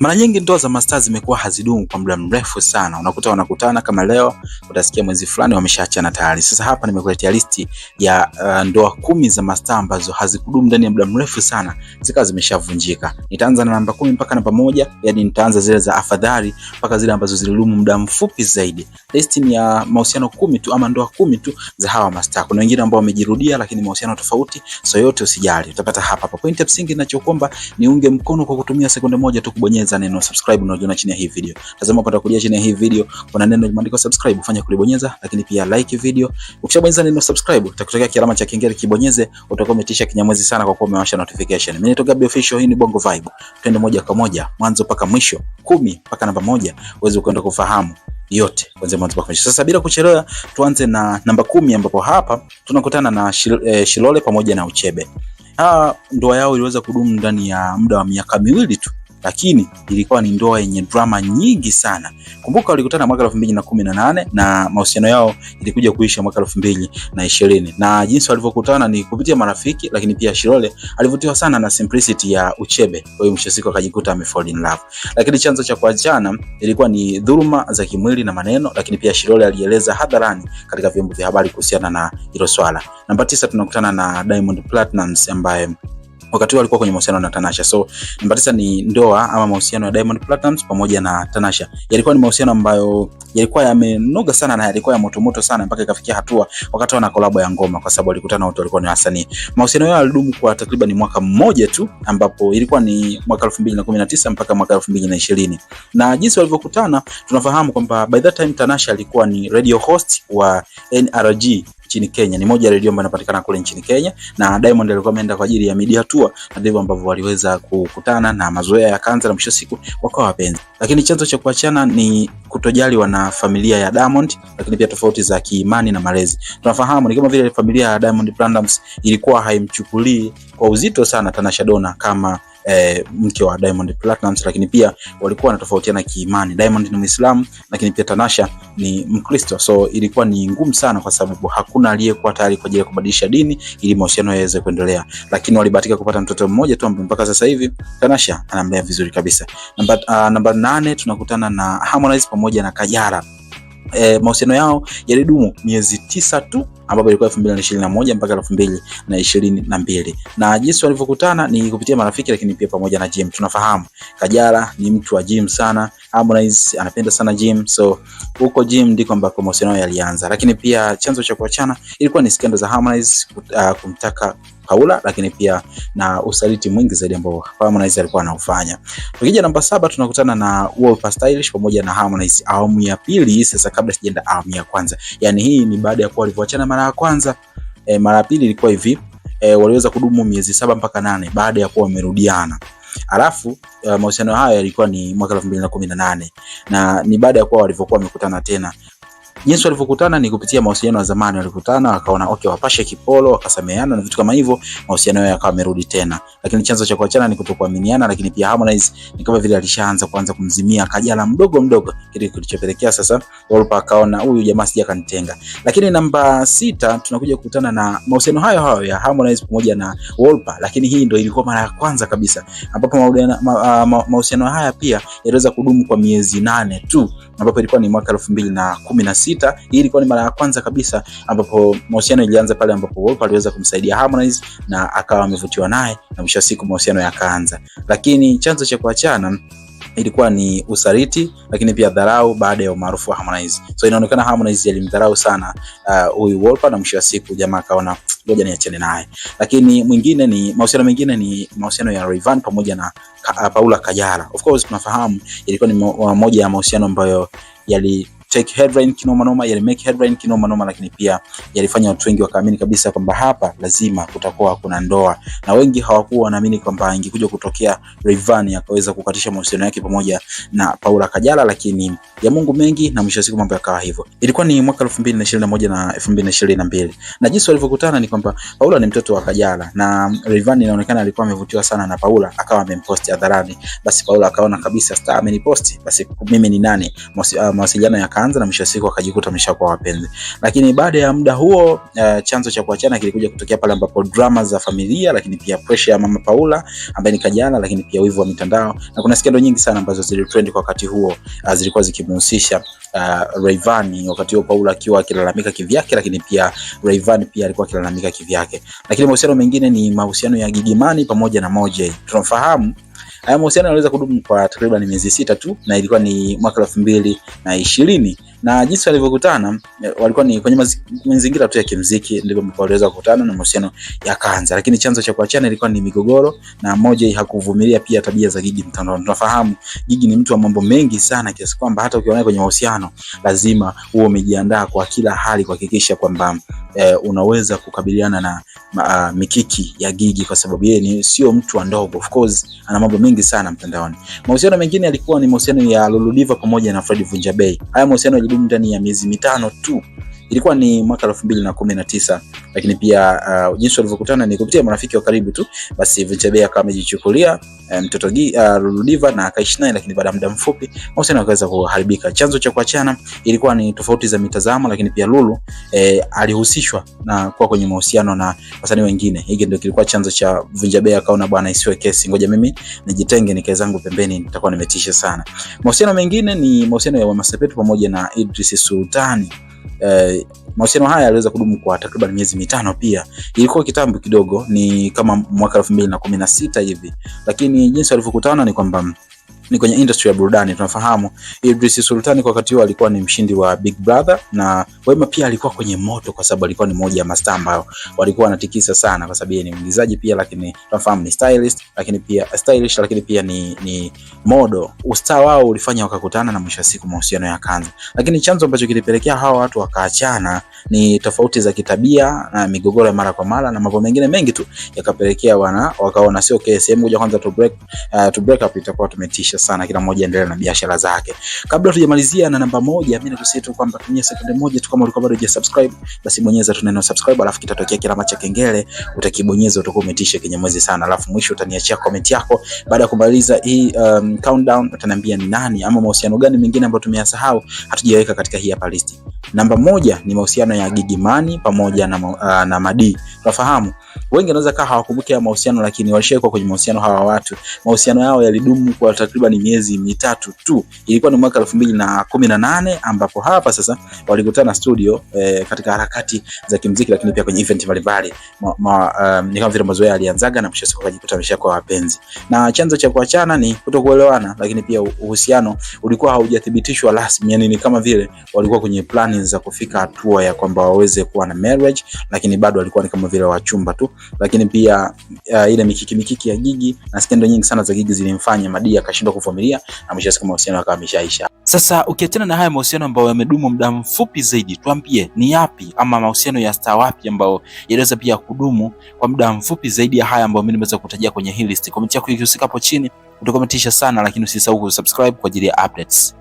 Mara nyingi ndoa za mastaa zimekuwa hazidumu kwa muda mrefu sana, unakuta wanakutana kama leo, utasikia mwezi fulani wameshaachana tayari. Sasa hapa nimekuletea listi ya uh, ndoa kumi za mastaa ambazo hazikudumu ndani ya muda mrefu sana zikawa zimeshavunjika. Nitaanza na namba kumi mpaka namba moja, yani nitaanza zile za afadhali mpaka zile ambazo zilidumu muda mfupi zaidi. Listi ni ya mahusiano kumi tu ama ndoa kumi tu za hawa mastaa. Kuna wengine ambao wamejirudia, lakini mahusiano tofauti, so yote usijali, utapata hapa hapa. Pointi ya msingi ninachokuomba ni unge mkono kwa kutumia sekunde moja tu kubonyeza kubonyeza neno subscribe unaojiona chini ya hii video. Tazama upande wa kulia chini ya hii video kuna neno limeandikwa subscribe, fanya kulibonyeza, lakini pia like video. Ukishabonyeza neno subscribe, utakutokea kialama cha kengele, kibonyeze, utakuwa umetisha kinyamwezi sana kwa kuwa umewasha notification. Mimi ni Gabby Official, hii ni Bongo Vibe. Twende moja kwa moja mwanzo mpaka mwisho, kumi mpaka namba moja uweze kwenda kufahamu yote kuanzia mwanzo mpaka mwisho. Sasa bila kuchelewa, tuanze na namba kumi ambapo hapa tunakutana na shil, eh, Shilole pamoja na Uchebe. Ndoa yao iliweza kudumu ndani ya muda wa miaka miwili tu lakini ilikuwa ni ndoa yenye drama nyingi sana. Kumbuka walikutana mwaka 2018 na na mahusiano yao ilikuja kuisha mwaka 2020, na na jinsi walivyokutana ni kupitia marafiki, lakini pia Shilole alivutiwa sana na simplicity ya Uchebe, kwa hiyo mwisho siku akajikuta amefall in love. Lakini chanzo cha kuachana ilikuwa ni dhuluma za kimwili na maneno, lakini pia Shilole alieleza hadharani katika vyombo vya habari kuhusiana na hilo swala. Namba tisa tunakutana na Diamond Platnumz ambaye wakati huo alikuwa kwenye mahusiano na Tanasha. So namba tisa ni ndoa ama mahusiano ya Diamond Platnumz pamoja na Tanasha. Yalikuwa ni mahusiano ambayo yalikuwa yamenoga sana na yalikuwa ya moto moto sana mpaka ikafikia hatua wakati wana collab ya ngoma, kwa sababu walikutana watu walikuwa ni wasanii. Mahusiano yao yalidumu kwa takriban mwaka mmoja tu, ambapo ilikuwa ni mwaka 2019 mpaka mwaka 2020. Na jinsi walivyokutana tunafahamu kwamba by that time Tanasha alikuwa ni radio host wa NRG nchini Kenya. Ni moja ya redio ambayo inapatikana kule nchini Kenya, na Diamond alikuwa ameenda kwa ajili ya media tour, na ndivyo ambavyo waliweza kukutana na mazoea ya kanza, na mwisho siku wakawa wapenzi. Lakini chanzo cha kuachana ni kutojaliwa na familia ya Diamond, lakini pia tofauti za kiimani na malezi. Tunafahamu ni kama vile familia ya Diamond Platnumz ilikuwa haimchukulii kwa uzito sana Tanasha Donna kama eh, mke wa Diamond Platnumz, lakini pia walikuwa wanatofautiana kiimani. Diamond ni Muislamu, lakini pia Tanasha ni Mkristo, so ilikuwa ni ngumu sana, kwa sababu hakuna aliyekuwa tayari kwa ajili ya kubadilisha dini ili mahusiano yaweze kuendelea, lakini walibahatika kupata mtoto mmoja tu ambaye mpaka sasa hivi Tanasha anamlea vizuri kabisa. Namba uh, namba nane tunakutana na Harmonize pamoja na Kajala eh, mahusiano yao yalidumu miezi tisa tu ambapo ilikuwa 2021 mpaka 2022, na na na jinsi walivyokutana ni kupitia marafiki, lakini pia pamoja na gym. Tunafahamu Kajala ni mtu wa gym sana, Harmonize anapenda sana gym, so huko gym ndiko ambako mahusiano yalianza, lakini pia chanzo cha kuachana ilikuwa ni skendo za Harmonize uh, kumtaka kaula, lakini pia na usaliti mwingi zaidi ambao Harmonize alikuwa anaufanya. Tukija namba saba tunakutana na Wolper Stylish pamoja na Harmonize awamu ya pili, sasa kabla sijaenda awamu ya kwanza. Yani hii ni baada ya kuwa walivyoachana mara ya kwanza e, mara ya pili ilikuwa hivi e, waliweza kudumu miezi saba mpaka nane baada ya kuwa wamerudiana. Alafu uh, mahusiano hayo yalikuwa ni mwaka 2018 na ni baada ya kuwa walivyokuwa wamekutana tena Jinsi walivyokutana ni kupitia mahusiano ya zamani, walikutana wakaona okay, wapashe kipolo, wakasameana na vitu kama hivyo, mahusiano yao yakawa yamerudi tena. Lakini chanzo cha kuachana ni kutokuaminiana, lakini pia Harmonize ni kama vile alishaanza kuanza kumzimia Kajala mdogo mdogo, kile kilichopelekea sasa Wolpa akaona huyu jamaa sija kanitenga. Lakini namba sita tunakuja kukutana na mahusiano hayo hayo ya Harmonize pamoja na Wolpa, lakini hii ndio ilikuwa mara ya kwanza kabisa ambapo mahusiano ma, ma, ma, haya pia yaliweza kudumu kwa miezi nane tu ambapo ilikuwa ni mwaka elfu mbili na kumi na sita iliyopita. Hii ilikuwa ni mara ya kwanza kabisa ambapo mahusiano ilianza pale ambapo Wolper aliweza kumsaidia Harmonize na akawa amevutiwa naye na mwisho wa siku mahusiano yakaanza, lakini chanzo cha kuachana ilikuwa ni usaliti lakini pia dharau baada ya umaarufu wa Harmonize. So inaonekana Harmonize alimdharau sana uh, huyu uh, Wolper na mwisho wa siku jamaa akaona ngoja niachane naye. Lakini mwingine ni mahusiano mengine ni mahusiano ya Rayvanny pamoja na ka, uh, Paula Kajala. Of course tunafahamu ilikuwa ni moja ya mahusiano ambayo yali take headline kinoma noma, make headline kinoma noma, lakini pia yalifanya watu wengi wakaamini kabisa kwamba hapa lazima kutakuwa kuna ndoa, na wengi hawakuwa wanaamini kwamba ingekuja kutokea Rayvanny akaweza kukatisha mahusiano yake pamoja na Paula Kajala, lakini ya Mungu mengi na mwisho siku mambo yakawa hivyo. Ilikuwa ni mwaka 2021 na 2022. Na na jinsi walivyokutana ni kwamba Paula ni mtoto wa Kajala na Rayvanny inaonekana alikuwa amevutiwa sana na Paula akawa amempost hadharani. Basi Paula akaona kabisa star amenipost, basi mimi ni nani? Uh, mawasiliano uh, yakaanza na mwisho siku akajikuta ameshakuwa wapenzi. Lakini baada ya muda huo uh, chanzo cha kuachana kilikuja kutokea pale ambapo drama za familia, lakini pia pressure ya mama Paula ambaye ni Kajala, lakini pia wivu wa mitandao na kuna skendo nyingi sana ambazo zilitrend kwa wakati huo uh, zilikuwa ziki kumhusisha Uh, Rayvanny wakati huo Paula akiwa akilalamika kivyake, lakini pia Rayvanny pia alikuwa akilalamika kivyake. Lakini mahusiano mengine ni mahusiano ya Gigimani pamoja na Moja. Tunafahamu haya mahusiano yanaweza kudumu kwa takriban miezi sita tu, na ilikuwa ni mwaka elfu mbili na ishirini na jinsi walivyokutana eh, walikuwa ni kwenye mazingira tu ya kimziki, ndivyo ndipo waliweza kukutana na mahusiano yakaanza, lakini chanzo cha kuachana ilikuwa ni migogoro, na moja hakuvumilia pia tabia za Gigi mtandaoni. Tunafahamu Gigi ni mtu wa mambo mengi sana, kiasi kwamba hata ukiwa naye kwenye mahusiano lazima uwe umejiandaa kwa kila hali kuhakikisha kwamba e, unaweza kukabiliana na ma, ah, mikiki ya Gigi kwa sababu yeye ni sio mtu wa ndogo. Of course ana mambo mengi sana mtandaoni. Mahusiano mengine yalikuwa ni mahusiano ya Lulu Diva pamoja na Fred Vunjabei. Haya mahusiano karibu ndani ya miezi mitano tu ilikuwa ni mwaka elfu mbili na na kumi tisa lakini pia uh, jinsi walivyokutana ni kupitia marafiki wa karibu tu. Basi vichebe akawa amejichukulia eh, mtoto uh, Lulu na akaishi naye, lakini baada ya muda mfupi mahusiano akaweza kuharibika. Chanzo cha kuachana ilikuwa ni tofauti za mitazamo, lakini pia Lulu eh, alihusishwa na kuwa kwenye mahusiano na wasanii wengine. Hiki ndio kilikuwa chanzo cha Vince akaona, bwana, isiwe kesi, ngoja mimi nijitenge, nikae zangu pembeni, nitakuwa nimetisha sana. Mahusiano mengine ni mahusiano ya wamasepetu pamoja na Idris Sultani eh, mahusiano haya yaliweza kudumu kwa takriban miezi mitano. Pia ilikuwa kitambo kidogo, ni kama mwaka elfu mbili na kumi na sita hivi, lakini jinsi walivyokutana ni kwamba ni kwenye industry ya burudani. Tunafahamu Idris Sultani kwa wakati huo alikuwa ni mshindi wa Big Brother na Wema pia alikuwa kwenye moto, kwa sababu alikuwa ni moja ya mastaa ambao walikuwa wanatikisa sana, kwa sababu yeye ni mwigizaji pia, lakini tunafahamu ni stylist, lakini pia stylish, lakini pia ni ni modo. Ustaa wao ulifanya wakakutana, na mwisho wa siku mahusiano ya yakaanza, lakini chanzo ambacho kilipelekea hawa watu wakaachana ni tofauti za kitabia na migogoro ya mara kwa mara na mambo mengine mengi tu yakapelekea wana wakaona sio okay, sehemu moja kwanza to break, uh, to break up itakuwa tumetisha kuhamasisha sana kila mmoja endelee na biashara zake. Kabla tujamalizia na namba moja, mimi nakusii tu kwamba tumia sekunde moja tu, kama ulikuwa bado hujasubscribe, basi bonyeza tu neno subscribe, alafu kitatokea kila macha kengele, utakibonyeza utakuwa umetisha mwezi sana, alafu mwisho utaniachia comment yako. Baada ya kumaliza hii um, countdown utaniambia ni nani ama mahusiano gani mengine ambayo tumeyasahau hatujaweka katika hii hapa listi. Namba moja ni mahusiano ya gigimani pamoja na, uh, na madii. Tunafahamu wengi wanaweza kaa hawakumbuki ya mahusiano, lakini walishakuwa kwenye mahusiano hawa watu. Mahusiano yao yalidumu kwa takriban miezi mitatu tu. Ilikuwa ni mwaka elfu mbili na kumi na nane ambapo hapa sasa walikutana studio eh, katika harakati za kimziki, lakini pia kwenye event mbalimbali um, ni kama vile mazoea alianzaga na mwisho akajikuta ameshakuwa wapenzi, na chanzo cha kuachana ni kutokuelewana, lakini pia uhusiano ulikuwa haujathibitishwa rasmi, yani ni kama vile walikuwa kwenye plani fulani za kufika hatua ya kwamba waweze kuwa na marriage, lakini bado walikuwa ni kama vile wachumba tu. Lakini pia uh, ile mikiki mikiki ya Gigi na skendo nyingi sana za Gigi zilimfanya Madi akashindwa kuvumilia na mwisho siku mahusiano yakawa yameshaisha. Sasa ukiachana na haya mahusiano ambayo yamedumu muda mfupi zaidi, tuambie ni yapi ama mahusiano ya star wapi ambayo yaliweza pia kudumu kwa muda mfupi zaidi ya haya ambayo mimi nimeweza kutajia kwenye hii list. Comment yako ikihusika hapo chini utakometisha sana, lakini usisahau kusubscribe kwa ajili ya updates.